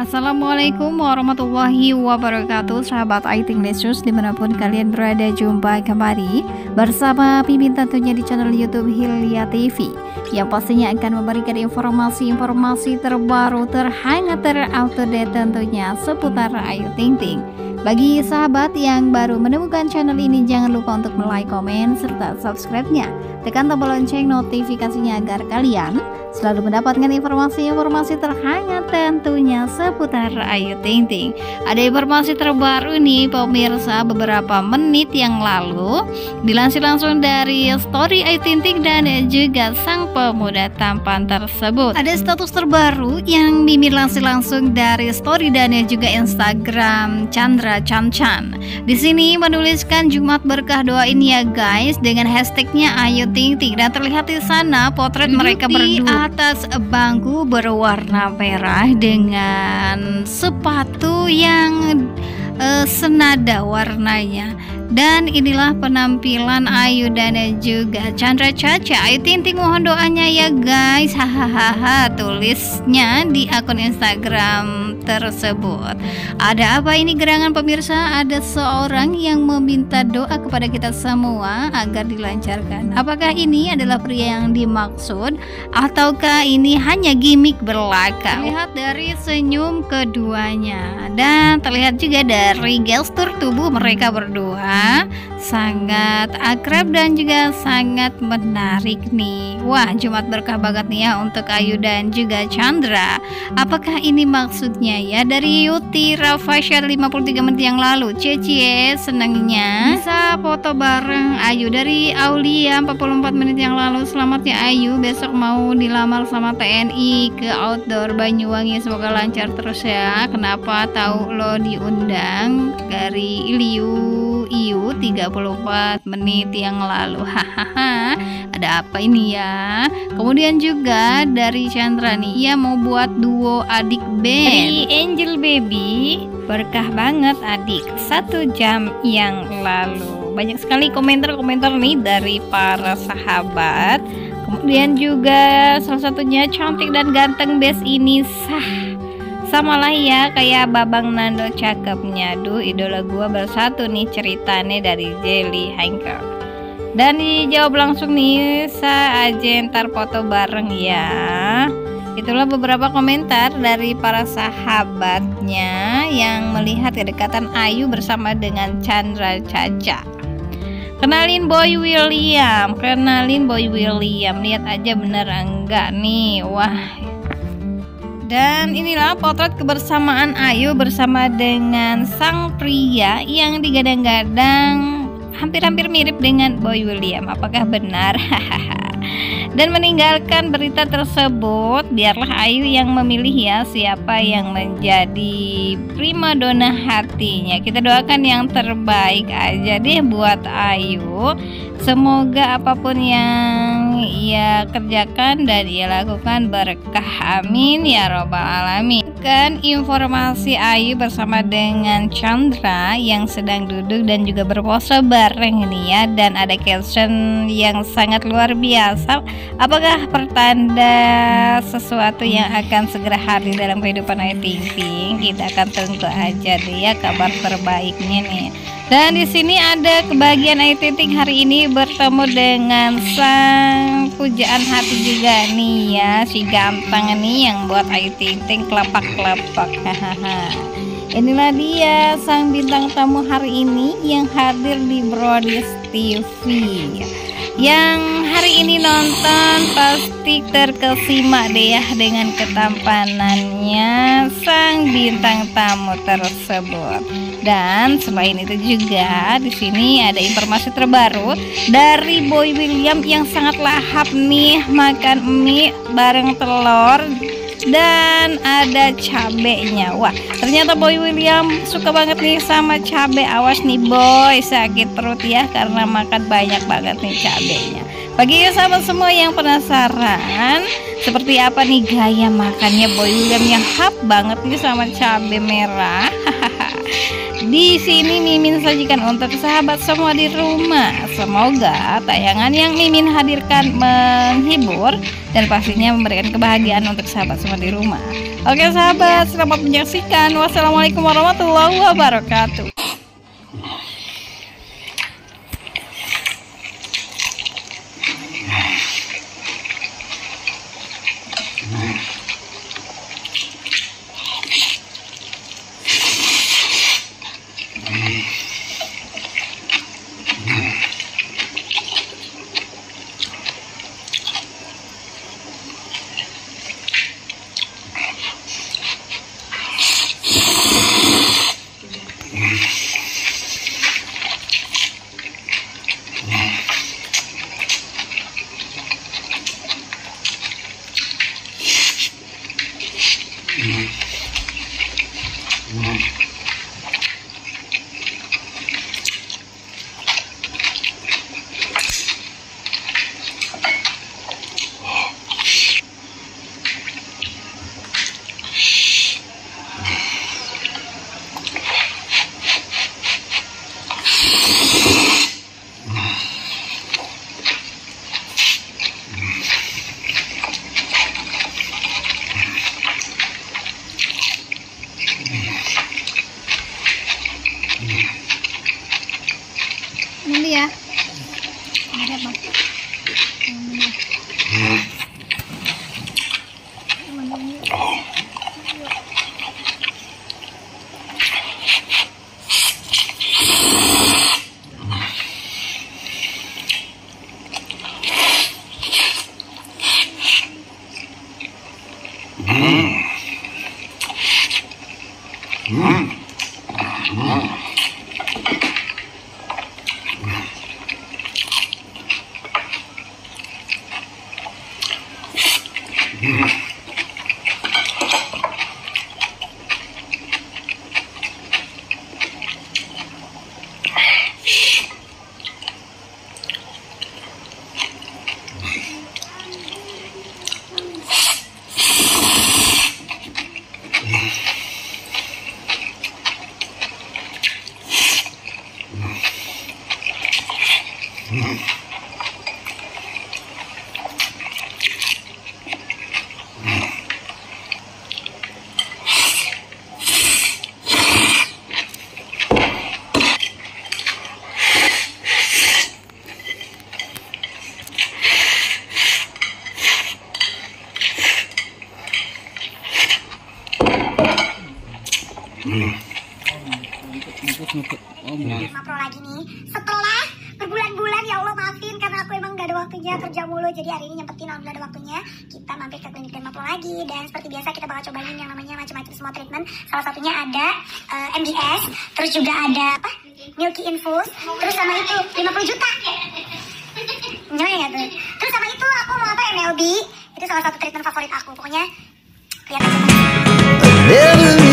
Assalamualaikum warahmatullahi wabarakatuh Sahabat IT English News dimanapun kalian berada Jumpa kembali bersama Pimpin tentunya di channel Youtube Hilya TV Yang pastinya akan memberikan informasi-informasi terbaru Terhangat terupdate tentunya seputar Ayu Ting Ting bagi sahabat yang baru menemukan channel ini, jangan lupa untuk like, komen, serta subscribe-nya Tekan tombol lonceng notifikasinya agar kalian selalu mendapatkan informasi-informasi terhangat tentunya seputar Ayu Ting Ting. Ada informasi terbaru nih pemirsa beberapa menit yang lalu dilansir langsung dari story Ayu Ting Ting dan juga sang pemuda tampan tersebut. Ada status terbaru yang lansir langsung dari story dan juga Instagram Chandra Chan Chan. Di sini menuliskan Jumat berkah doain ya guys dengan hashtagnya Ayu Ting-Ting dan terlihat di sana potret iya, mereka berdua di atas bangku berwarna merah dengan sepatu yang uh, senada warnanya. Dan inilah penampilan Ayu dan juga Chandra Caca. Ayu tinting mohon doanya ya guys. Hahaha tulisnya di akun Instagram tersebut. Ada apa ini gerangan pemirsa? Ada seorang yang meminta doa kepada kita semua agar dilancarkan. Apakah ini adalah pria yang dimaksud ataukah ini hanya gimmick berlaka? Lihat dari senyum keduanya dan terlihat juga dari gestur tubuh mereka berdua sangat akrab dan juga sangat menarik nih wah Jumat berkah banget nih ya untuk Ayu dan juga Chandra apakah ini maksudnya ya dari Yuti Rafasha 53 menit yang lalu cecie senangnya bisa foto bareng Ayu dari Aulia 44 menit yang lalu selamat ya Ayu besok mau dilamar sama TNI ke outdoor Banyuwangi semoga lancar terus ya kenapa tahu lo diundang dari Liu 34 menit yang lalu hahaha ada apa ini ya kemudian juga dari Chandra nih ia mau buat duo adik band dari Angel Baby berkah banget adik satu jam yang lalu banyak sekali komentar-komentar nih dari para sahabat kemudian juga salah satunya cantik dan ganteng best ini sah sama lah ya kayak Babang Nando cakepnya Duh idola gua bersatu nih ceritanya dari Jelly Hanker Dan dijawab langsung nih saya aja ntar foto bareng ya Itulah beberapa komentar dari para sahabatnya yang melihat kedekatan Ayu bersama dengan Chandra Caca. Kenalin Boy William, kenalin Boy William. Lihat aja bener enggak nih. Wah, dan inilah potret kebersamaan Ayu bersama dengan sang pria yang digadang-gadang hampir-hampir mirip dengan Boy William. Apakah benar? Dan meninggalkan berita tersebut, biarlah Ayu yang memilih ya siapa yang menjadi primadona hatinya. Kita doakan yang terbaik aja deh buat Ayu. Semoga apapun yang yang ia kerjakan dan ia lakukan berkah amin ya robbal alamin kan informasi Ayu bersama dengan Chandra yang sedang duduk dan juga berpose bareng nih ya dan ada caption yang sangat luar biasa apakah pertanda sesuatu yang akan segera hadir dalam kehidupan Ayu Ting Ting kita akan tunggu aja deh ya kabar terbaiknya nih dan di sini ada kebagian Ayu Titik hari ini bertemu dengan sang pujaan hati juga nih ya, si gampang nih yang buat Ayu Titik kelapak-kelapak. Inilah dia sang bintang tamu hari ini yang hadir di Brodis TV. Yang hari ini nonton pasti terkesima deh ya dengan ketampanannya sang bintang tamu tersebut. Dan selain itu juga di sini ada informasi terbaru dari Boy William yang sangat lahap nih makan mie bareng telur dan ada cabenya wah ternyata boy William suka banget nih sama cabe awas nih boy sakit perut ya karena makan banyak banget nih cabenya bagi ya sahabat semua yang penasaran seperti apa nih gaya makannya boy William yang hap banget nih sama cabe merah Di sini Mimin sajikan untuk sahabat semua di rumah. Semoga tayangan yang Mimin hadirkan menghibur dan pastinya memberikan kebahagiaan untuk sahabat semua di rumah. Oke sahabat, selamat menyaksikan. Wassalamualaikum warahmatullahi wabarakatuh. lagi nih. Setelah berbulan-bulan ya Allah maafin karena aku emang gak ada waktunya kerja mulu jadi hari ini nyempetin alhamdulillah ada waktunya kita mampir ke klinik Pro lagi dan seperti biasa kita bakal cobain yang namanya macam-macam semua treatment salah satunya ada uh, eh, MDS terus juga ada apa Milky Infus terus sama itu 50 juta nyoy ya tuh terus sama itu aku mau apa MLB itu salah satu treatment favorit aku pokoknya lihat aja